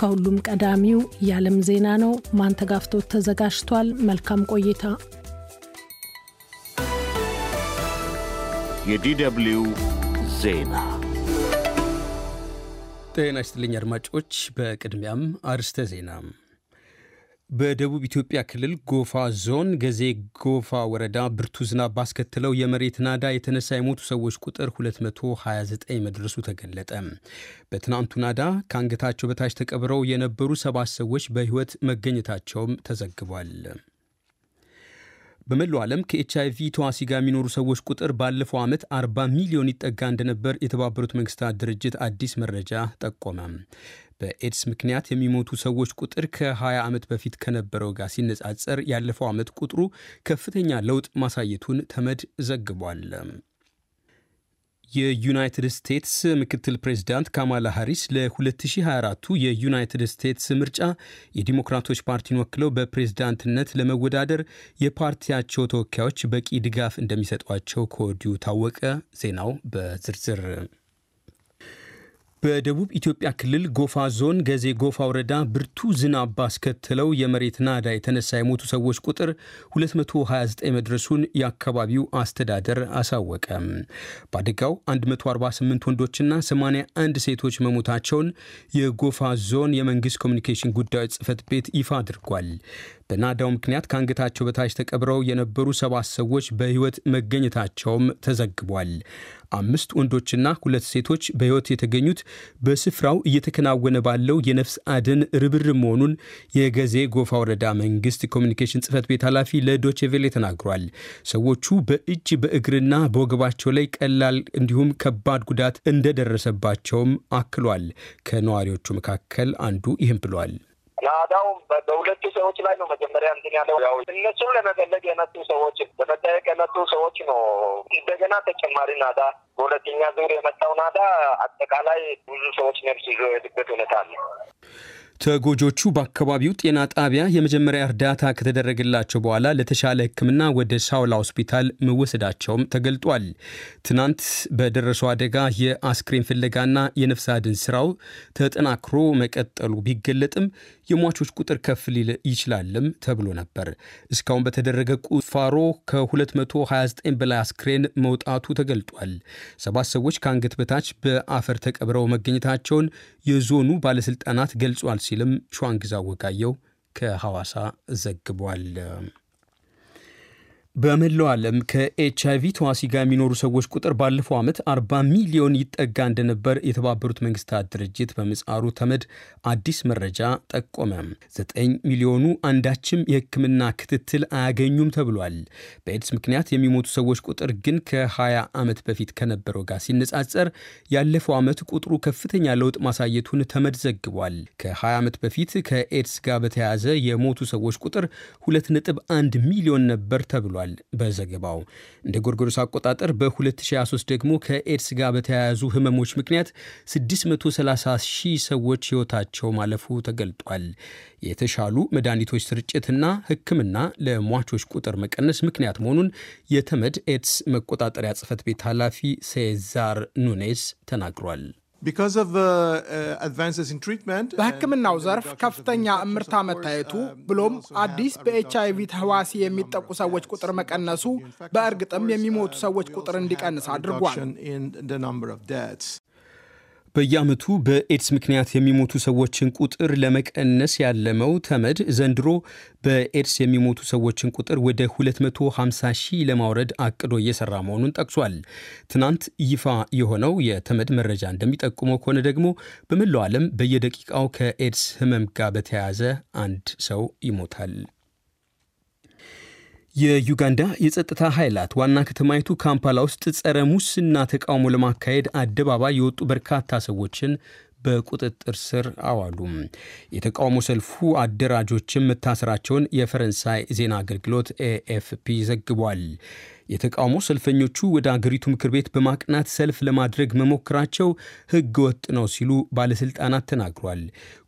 ከሁሉም ቀዳሚው የዓለም ዜና ነው። ማንተጋፍቶት ተዘጋጅቷል። መልካም ቆይታ። የዲደብልዩ ዜና ጤና ይስጥልኝ አድማጮች። በቅድሚያም አርስተ ዜና በደቡብ ኢትዮጵያ ክልል ጎፋ ዞን ገዜ ጎፋ ወረዳ ብርቱ ዝናብ ባስከትለው የመሬት ናዳ የተነሳ የሞቱ ሰዎች ቁጥር 229 መድረሱ ተገለጠ። በትናንቱ ናዳ ከአንገታቸው በታች ተቀብረው የነበሩ ሰባት ሰዎች በሕይወት መገኘታቸውም ተዘግቧል። በመላው ዓለም ከኤች አይ ቪ ተዋሲ ጋር የሚኖሩ ሰዎች ቁጥር ባለፈው ዓመት 40 ሚሊዮን ይጠጋ እንደነበር የተባበሩት መንግስታት ድርጅት አዲስ መረጃ ጠቆመ። በኤድስ ምክንያት የሚሞቱ ሰዎች ቁጥር ከ20 ዓመት በፊት ከነበረው ጋር ሲነጻጸር ያለፈው ዓመት ቁጥሩ ከፍተኛ ለውጥ ማሳየቱን ተመድ ዘግቧል። የዩናይትድ ስቴትስ ምክትል ፕሬዚዳንት ካማላ ሃሪስ ለ2024ቱ የዩናይትድ ስቴትስ ምርጫ የዲሞክራቶች ፓርቲን ወክለው በፕሬዝዳንትነት ለመወዳደር የፓርቲያቸው ተወካዮች በቂ ድጋፍ እንደሚሰጧቸው ከወዲሁ ታወቀ። ዜናው በዝርዝር በደቡብ ኢትዮጵያ ክልል ጎፋ ዞን ገዜ ጎፋ ወረዳ ብርቱ ዝናብ ባስከተለው የመሬት ናዳ የተነሳ የሞቱ ሰዎች ቁጥር 229 መድረሱን የአካባቢው አስተዳደር አሳወቀ። በአደጋው 148 ወንዶችና 81 ሴቶች መሞታቸውን የጎፋ ዞን የመንግስት ኮሚኒኬሽን ጉዳዮች ጽህፈት ቤት ይፋ አድርጓል። በናዳው ምክንያት ከአንገታቸው በታች ተቀብረው የነበሩ ሰባት ሰዎች በሕይወት መገኘታቸውም ተዘግቧል። አምስት ወንዶችና ሁለት ሴቶች በሕይወት የተገኙት በስፍራው እየተከናወነ ባለው የነፍስ አድን ርብርብ መሆኑን የገዜ ጎፋ ወረዳ መንግስት ኮሚኒኬሽን ጽህፈት ቤት ኃላፊ ለዶቼቬሌ ተናግሯል። ሰዎቹ በእጅ በእግርና በወገባቸው ላይ ቀላል እንዲሁም ከባድ ጉዳት እንደደረሰባቸውም አክሏል። ከነዋሪዎቹ መካከል አንዱ ይህም ብሏል። ናዳው በሁለቱ ሰዎች ላይ ነው መጀመሪያ እንትን ያለው። ያው እነሱን ለመፈለግ የመጡ ሰዎች ለመጠየቅ የመጡ ሰዎች ነው እንደገና ተጨማሪ ናዳ በሁለተኛ ዙር የመጣው ናዳ አጠቃላይ ብዙ ሰዎች ነፍስ ይዞ የሄድበት ሁኔታ አለ። ተጎጆቹ በአካባቢው ጤና ጣቢያ የመጀመሪያ እርዳታ ከተደረገላቸው በኋላ ለተሻለ ሕክምና ወደ ሳውላ ሆስፒታል መወሰዳቸውም ተገልጧል። ትናንት በደረሰው አደጋ የአስክሬን ፍለጋና የነፍስ አድን ስራው ተጠናክሮ መቀጠሉ ቢገለጥም የሟቾች ቁጥር ከፍ ሊል ይችላልም ተብሎ ነበር። እስካሁን በተደረገ ቁፋሮ ከ229 በላይ አስክሬን መውጣቱ ተገልጧል። ሰባት ሰዎች ከአንገት በታች በአፈር ተቀብረው መገኘታቸውን የዞኑ ባለስልጣናት ገልጿል ሲልም ሸዋንግዛ ወጋየው ከሐዋሳ ዘግቧል። በመላው ዓለም ከኤች አይቪ ተዋሲ ጋር የሚኖሩ ሰዎች ቁጥር ባለፈው ዓመት 40 ሚሊዮን ይጠጋ እንደነበር የተባበሩት መንግስታት ድርጅት በምጻሩ ተመድ አዲስ መረጃ ጠቆመ። 9 ሚሊዮኑ አንዳችም የሕክምና ክትትል አያገኙም ተብሏል። በኤድስ ምክንያት የሚሞቱ ሰዎች ቁጥር ግን ከ20 ዓመት በፊት ከነበረው ጋር ሲነጻጸር ያለፈው ዓመት ቁጥሩ ከፍተኛ ለውጥ ማሳየቱን ተመድ ዘግቧል። ከ20 ዓመት በፊት ከኤድስ ጋር በተያያዘ የሞቱ ሰዎች ቁጥር 2.1 ሚሊዮን ነበር ተብሏል። ብሏል በዘገባው። እንደ ጎርጎሮስ አቆጣጠር በ2023 ደግሞ ከኤድስ ጋር በተያያዙ ህመሞች ምክንያት 630 ሺህ ሰዎች ህይወታቸው ማለፉ ተገልጧል። የተሻሉ መድኃኒቶች ስርጭትና ህክምና ለሟቾች ቁጥር መቀነስ ምክንያት መሆኑን የተመድ ኤድስ መቆጣጠሪያ ጽህፈት ቤት ኃላፊ ሴዛር ኑኔስ ተናግሯል። Uh, uh, በሕክምናው ዘርፍ ከፍተኛ እምርታ መታየቱ uh, ብሎም አዲስ በኤች አይ ቪ ተህዋሲ የሚጠቁ ሰዎች ቁጥር መቀነሱ በእርግጥም የሚሞቱ ሰዎች ቁጥር እንዲቀንስ አድርጓል። በየዓመቱ በኤድስ ምክንያት የሚሞቱ ሰዎችን ቁጥር ለመቀነስ ያለመው ተመድ ዘንድሮ በኤድስ የሚሞቱ ሰዎችን ቁጥር ወደ 250 ሺህ ለማውረድ አቅዶ እየሰራ መሆኑን ጠቅሷል። ትናንት ይፋ የሆነው የተመድ መረጃ እንደሚጠቁመው ከሆነ ደግሞ በመላው ዓለም በየደቂቃው ከኤድስ ሕመም ጋር በተያያዘ አንድ ሰው ይሞታል። የዩጋንዳ የጸጥታ ኃይላት ዋና ከተማይቱ ካምፓላ ውስጥ ጸረ ሙስና ተቃውሞ ለማካሄድ አደባባይ የወጡ በርካታ ሰዎችን በቁጥጥር ስር አዋሉ። የተቃውሞ ሰልፉ አደራጆችን መታሰራቸውን የፈረንሳይ ዜና አገልግሎት ኤኤፍፒ ዘግቧል። የተቃውሞ ሰልፈኞቹ ወደ አገሪቱ ምክር ቤት በማቅናት ሰልፍ ለማድረግ መሞከራቸው ሕገ ወጥ ነው ሲሉ ባለስልጣናት ተናግሯል።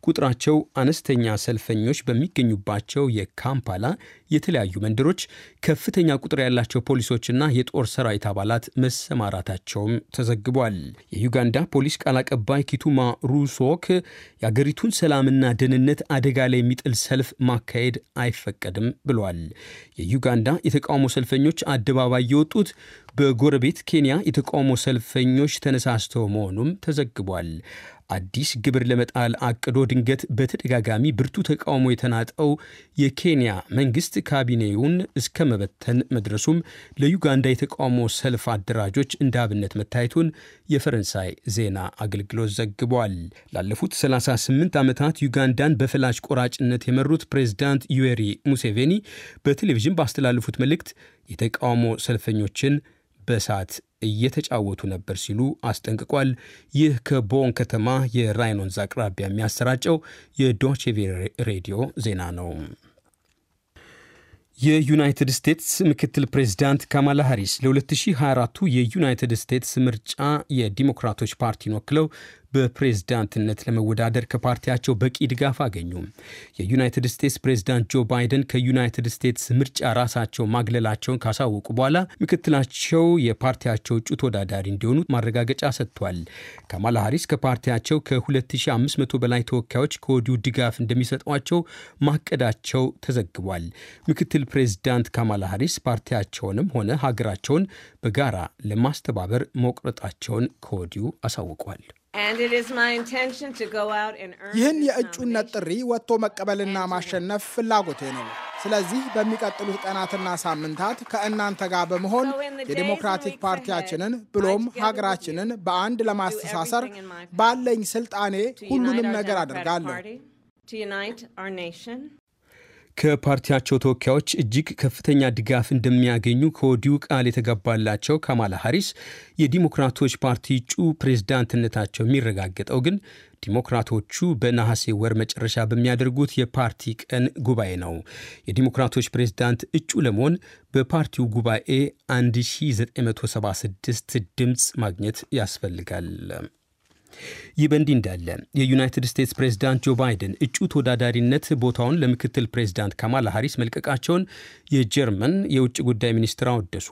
ቁጥራቸው አነስተኛ ሰልፈኞች በሚገኙባቸው የካምፓላ የተለያዩ መንደሮች ከፍተኛ ቁጥር ያላቸው ፖሊሶችና የጦር ሰራዊት አባላት መሰማራታቸውም ተዘግቧል። የዩጋንዳ ፖሊስ ቃል አቀባይ ኪቱማ ሩሶክ የአገሪቱን ሰላምና ደህንነት አደጋ ላይ የሚጥል ሰልፍ ማካሄድ አይፈቀድም ብሏል። የዩጋንዳ የተቃውሞ ሰልፈኞች አደባባይ አደባባይ የወጡት በጎረቤት ኬንያ የተቃውሞ ሰልፈኞች ተነሳስተው መሆኑም ተዘግቧል። አዲስ ግብር ለመጣል አቅዶ ድንገት በተደጋጋሚ ብርቱ ተቃውሞ የተናጠው የኬንያ መንግስት ካቢኔውን እስከ መበተን መድረሱም ለዩጋንዳ የተቃውሞ ሰልፍ አደራጆች እንደ አብነት መታየቱን የፈረንሳይ ዜና አገልግሎት ዘግቧል። ላለፉት 38 ዓመታት ዩጋንዳን በፈላጭ ቆራጭነት የመሩት ፕሬዚዳንት ዩዌሪ ሙሴቬኒ በቴሌቪዥን ባስተላለፉት መልእክት የተቃውሞ ሰልፈኞችን በእሳት እየተጫወቱ ነበር ሲሉ አስጠንቅቋል። ይህ ከቦን ከተማ የራይን ወንዝ አቅራቢያ የሚያሰራጨው የዶችቬ ሬዲዮ ዜና ነው። የዩናይትድ ስቴትስ ምክትል ፕሬዚዳንት ካማላ ሃሪስ ለ2024ቱ የዩናይትድ ስቴትስ ምርጫ የዲሞክራቶች ፓርቲን ወክለው በፕሬዝዳንትነት ለመወዳደር ከፓርቲያቸው በቂ ድጋፍ አገኙ። የዩናይትድ ስቴትስ ፕሬዝዳንት ጆ ባይደን ከዩናይትድ ስቴትስ ምርጫ ራሳቸው ማግለላቸውን ካሳወቁ በኋላ ምክትላቸው የፓርቲያቸው እጩ ተወዳዳሪ እንዲሆኑ ማረጋገጫ ሰጥቷል። ካማላ ሀሪስ ከፓርቲያቸው ከ2500 በላይ ተወካዮች ከወዲሁ ድጋፍ እንደሚሰጧቸው ማቀዳቸው ተዘግቧል። ምክትል ፕሬዝዳንት ካማላ ሀሪስ ፓርቲያቸውንም ሆነ ሀገራቸውን በጋራ ለማስተባበር መቁረጣቸውን ከወዲሁ አሳውቋል። ይህን የእጩነት ጥሪ ወጥቶ መቀበልና ማሸነፍ ፍላጎቴ ነው። ስለዚህ በሚቀጥሉት ቀናትና ሳምንታት ከእናንተ ጋር በመሆን የዴሞክራቲክ ፓርቲያችንን ብሎም ሀገራችንን በአንድ ለማስተሳሰር ባለኝ ስልጣኔ ሁሉንም ነገር አድርጋለሁ። ከፓርቲያቸው ተወካዮች እጅግ ከፍተኛ ድጋፍ እንደሚያገኙ ከወዲሁ ቃል የተገባላቸው ካማላ ሀሪስ የዲሞክራቶች ፓርቲ እጩ ፕሬዝዳንትነታቸው የሚረጋገጠው ግን ዲሞክራቶቹ በነሐሴ ወር መጨረሻ በሚያደርጉት የፓርቲ ቀን ጉባኤ ነው። የዲሞክራቶች ፕሬዝዳንት እጩ ለመሆን በፓርቲው ጉባኤ 1976 ድምፅ ማግኘት ያስፈልጋል። ይህ በእንዲህ እንዳለ የዩናይትድ ስቴትስ ፕሬዝዳንት ጆ ባይደን እጩ ተወዳዳሪነት ቦታውን ለምክትል ፕሬዝዳንት ካማላ ሀሪስ መልቀቃቸውን የጀርመን የውጭ ጉዳይ ሚኒስትር አወደሱ።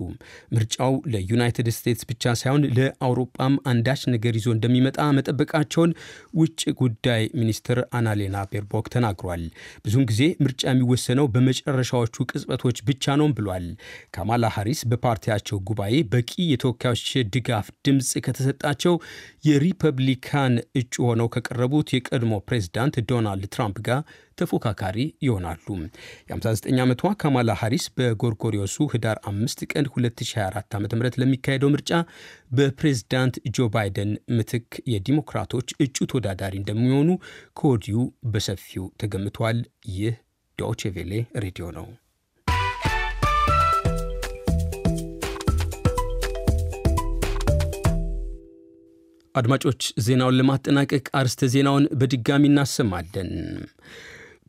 ምርጫው ለዩናይትድ ስቴትስ ብቻ ሳይሆን ለአውሮፓም አንዳች ነገር ይዞ እንደሚመጣ መጠበቃቸውን ውጭ ጉዳይ ሚኒስትር አናሌና ቤርቦክ ተናግሯል። ብዙውን ጊዜ ምርጫ የሚወሰነው በመጨረሻዎቹ ቅጽበቶች ብቻ ነውም ብሏል። ካማላ ሀሪስ በፓርቲያቸው ጉባኤ በቂ የተወካዮች ድጋፍ ድምፅ ከተሰጣቸው የሪፐብሊ ሪፐብሊካን እጩ ሆነው ከቀረቡት የቀድሞ ፕሬዝዳንት ዶናልድ ትራምፕ ጋር ተፎካካሪ ይሆናሉ። የ59 ዓመቷ ካማላ ሃሪስ በጎርጎሪዮሱ ህዳር 5 ቀን 2024 ዓ ም ለሚካሄደው ምርጫ በፕሬዝዳንት ጆ ባይደን ምትክ የዲሞክራቶች እጩ ተወዳዳሪ እንደሚሆኑ ከወዲሁ በሰፊው ተገምቷል። ይህ ዶቼ ቬሌ ሬዲዮ ነው። አድማጮች ዜናውን ለማጠናቀቅ አርስተ ዜናውን በድጋሚ እናሰማለን።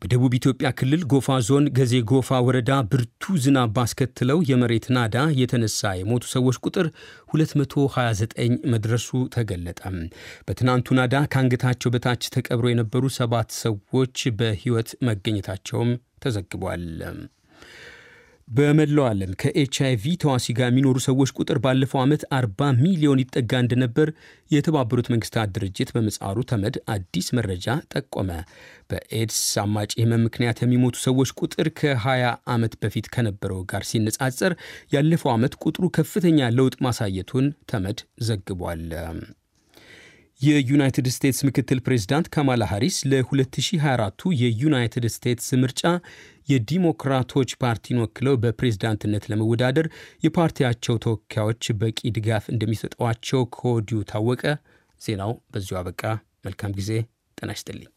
በደቡብ ኢትዮጵያ ክልል ጎፋ ዞን ገዜ ጎፋ ወረዳ ብርቱ ዝናብ ባስከትለው የመሬት ናዳ የተነሳ የሞቱ ሰዎች ቁጥር 229 መድረሱ ተገለጠ። በትናንቱ ናዳ ከአንገታቸው በታች ተቀብሮ የነበሩ ሰባት ሰዎች በሕይወት መገኘታቸውም ተዘግቧል። በመላው ዓለም ከኤች አይቪ ተዋሲ ጋር የሚኖሩ ሰዎች ቁጥር ባለፈው ዓመት 40 ሚሊዮን ይጠጋ እንደነበር የተባበሩት መንግስታት ድርጅት በመጻሩ ተመድ አዲስ መረጃ ጠቆመ። በኤድስ አማጭ ህመም ምክንያት የሚሞቱ ሰዎች ቁጥር ከ20 ዓመት በፊት ከነበረው ጋር ሲነጻጸር ያለፈው ዓመት ቁጥሩ ከፍተኛ ለውጥ ማሳየቱን ተመድ ዘግቧል። የዩናይትድ ስቴትስ ምክትል ፕሬዚዳንት ካማላ ሃሪስ ለ2024ቱ የዩናይትድ ስቴትስ ምርጫ የዲሞክራቶች ፓርቲን ወክለው በፕሬዝዳንትነት ለመወዳደር የፓርቲያቸው ተወካዮች በቂ ድጋፍ እንደሚሰጠዋቸው ከወዲሁ ታወቀ። ዜናው በዚሁ አበቃ። መልካም ጊዜ። ጤና ይስጥልኝ።